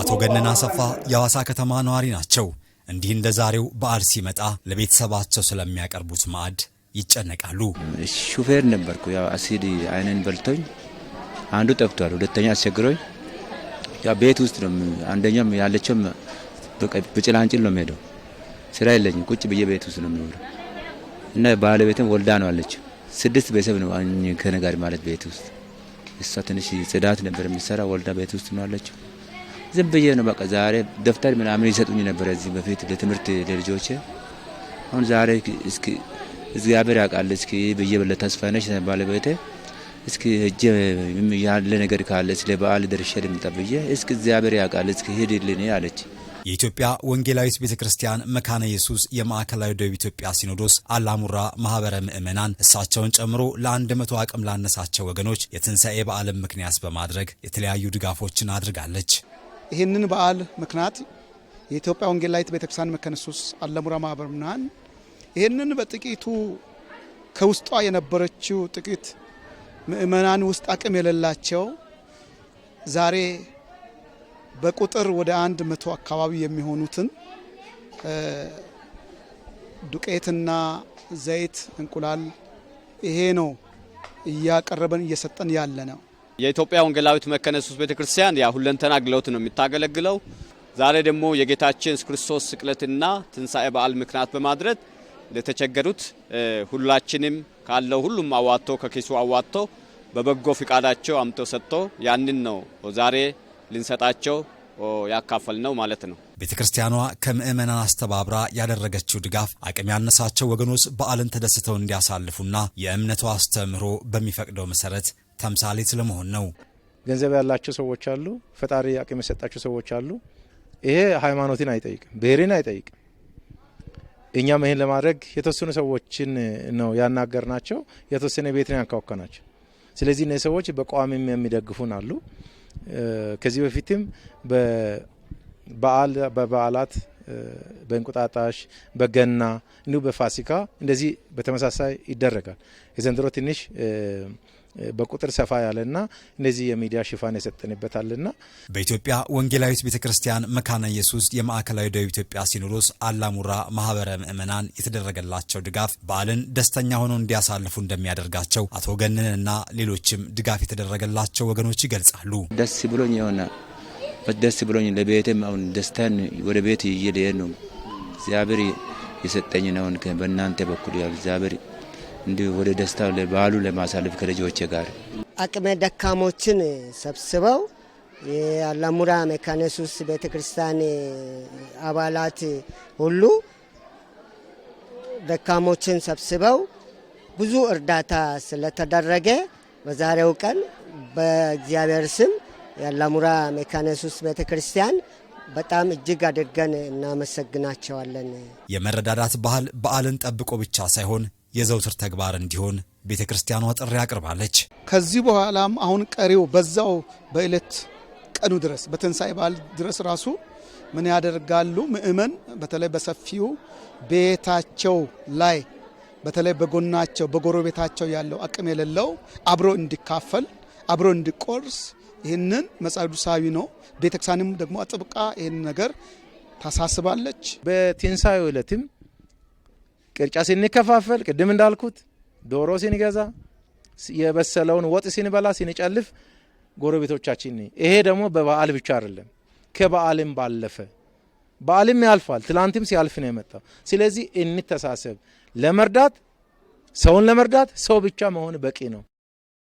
አቶ ገነና አሰፋ የሐዋሳ ከተማ ነዋሪ ናቸው። እንዲህ እንደ ዛሬው በዓል ሲመጣ ለቤተሰባቸው ስለሚያቀርቡት ማዕድ ይጨነቃሉ። ሹፌር ነበርኩ። ያው አሲድ አይነን በልቶኝ አንዱ ጠፍቷል፣ ሁለተኛ አስቸግሮኝ ያው ቤት ውስጥ ነው። አንደኛም ያለችውም ብጭላንጭል ነው የምሄደው። ስራ የለኝም፣ ቁጭ ብዬ ቤት ውስጥ ነው የምኖረው እና ባለቤትም ወልዳ ነው አለችው። ስድስት ቤተሰብ ነው ከነጋሪ ማለት ቤት ውስጥ እሷ ትንሽ ጽዳት ነበር የሚሰራ ወልዳ ቤት ውስጥ ነው አለችው። ዝም ብዬ ነው በቃ ዛሬ ደብተር ምናምን ይሰጡኝ ነበር እዚህ በፊት ለትምህርት ለልጆች። አሁን ዛሬ እስኪ እግዚአብሔር ያውቃል እስኪ ብዬ ለተስፋ ነች ባለቤቴ እስኪ እጄ ያለ ነገር ካለ ስለ በዓል ደርሼ ልምጣ ብዬ እስኪ እግዚአብሔር ያውቃል እስኪ ሂድልን አለች። የኢትዮጵያ ወንጌላዊት ቤተ ክርስቲያን መካነ ኢየሱስ የማዕከላዊ ደቡብ ኢትዮጵያ ሲኖዶስ አላሙራ ማህበረ ምእመናን እሳቸውን ጨምሮ ለአንድ መቶ አቅም ላነሳቸው ወገኖች የትንሣኤ በዓልን ምክንያት በማድረግ የተለያዩ ድጋፎችን አድርጋለች። ይህንን በዓል ምክንያት የኢትዮጵያ ወንጌላዊት ቤተክርስቲያን መካነ ኢየሱስ አለሙራ ማህበር ምናን ይህንን በጥቂቱ ከውስጧ የነበረችው ጥቂት ምእመናን ውስጥ አቅም የሌላቸው ዛሬ በቁጥር ወደ አንድ መቶ አካባቢ የሚሆኑትን ዱቄትና ዘይት፣ እንቁላል ይሄ ነው እያቀረበን እየሰጠን ያለ ነው። የኢትዮጵያ ወንጌላዊት መከነ ኢየሱስ ቤተክርስቲያን ያ ሁለንተና አገልግሎት ነው የሚታገለግለው። ዛሬ ደግሞ የጌታችን ኢየሱስ ክርስቶስ ስቅለትና ትንሣኤ በዓል ምክንያት በማድረግ ለተቸገሩት ሁላችንም ካለው ሁሉም አዋጥቶ ከኪሱ አዋጥቶ በበጎ ፍቃዳቸው አምጦ ሰጥቶ ያንን ነው ዛሬ ልንሰጣቸው ያካፈል ነው ማለት ነው። ቤተ ክርስቲያኗ ከምእመናን አስተባብራ ያደረገችው ድጋፍ አቅም ያነሳቸው ወገኖች በዓልን ተደስተው እንዲያሳልፉና የእምነቷ አስተምህሮ በሚፈቅደው መሰረት ተምሳሌት ስለመሆን ነው። ገንዘብ ያላቸው ሰዎች አሉ፣ ፈጣሪ አቅም የሰጣቸው ሰዎች አሉ። ይሄ ሃይማኖትን አይጠይቅም፣ ብሔርን አይጠይቅም። እኛም ይህን ለማድረግ የተወሰኑ ሰዎችን ነው ያናገር ናቸው፣ የተወሰነ ቤት ነው ያንኳኳ ናቸው። ስለዚህ እነዚህ ሰዎች በቋሚም የሚደግፉን አሉ። ከዚህ በፊትም በበዓላት በእንቁጣጣሽ፣ በገና እንዲሁም በፋሲካ እንደዚህ በተመሳሳይ ይደረጋል። የዘንድሮ ትንሽ በቁጥር ሰፋ ያለና እነዚህ የሚዲያ ሽፋን የሰጠንበታልና በኢትዮጵያ ወንጌላዊት ቤተ ክርስቲያን መካነ ኢየሱስ የማዕከላዊ ደቡብ ኢትዮጵያ ሲኖዶስ አላሙራ ማህበረ ምዕመናን የተደረገላቸው ድጋፍ በዓልን ደስተኛ ሆነው እንዲያሳልፉ እንደሚያደርጋቸው አቶ ገንንና ሌሎችም ድጋፍ የተደረገላቸው ወገኖች ይገልጻሉ። ደስ ብሎኝ የሆነ ደስ ብሎኝ ለቤትም አሁን ደስታን ወደ ቤት ይዤ ልሄድ ነው። እግዚአብሔር የሰጠኝ ነውን በእናንተ በኩል እግዚአብሔር እንዲሁ ወደ ደስታ በዓሉ ለማሳለፍ ከልጆች ጋር አቅመ ደካሞችን ሰብስበው የአላሙራ መካነሱስ ኢየሱስ ቤተ ክርስቲያን አባላት ሁሉ ደካሞችን ሰብስበው ብዙ እርዳታ ስለተደረገ በዛሬው ቀን በእግዚአብሔር ስም የአላሙራ መካነሱስ ቤተክርስቲያን ቤተ ክርስቲያን በጣም እጅግ አድርገን እናመሰግናቸዋለን። የመረዳዳት ባህል በዓልን ጠብቆ ብቻ ሳይሆን የዘውትር ተግባር እንዲሆን ቤተ ክርስቲያኗ ጥሪ አቅርባለች። ከዚህ በኋላም አሁን ቀሪው በዛው በዕለት ቀኑ ድረስ በትንሣኤ በዓል ድረስ ራሱ ምን ያደርጋሉ? ምእመን በተለይ በሰፊው ቤታቸው ላይ በተለይ በጎናቸው በጎረቤታቸው ያለው አቅም የሌለው አብሮ እንዲካፈል አብሮ እንዲቆርስ ይህንን መጽሐፍ ቅዱሳዊ ነው። ቤተክርስቲያንም ደግሞ አጥብቃ ይህን ነገር ታሳስባለች። በትንሣኤው ዕለትም ቅርጫ ስንከፋፈል ቅድም እንዳልኩት ዶሮ ስንገዛ የበሰለውን ወጥ ስንበላ ስንጨልፍ ጎረቤቶቻችን ይሄ ደግሞ በበዓል ብቻ አይደለም፣ ከበዓልም ባለፈ በዓልም ያልፋል። ትላንትም ሲያልፍ ነው የመጣው። ስለዚህ እንተሳሰብ። ለመርዳት ሰውን ለመርዳት ሰው ብቻ መሆን በቂ ነው።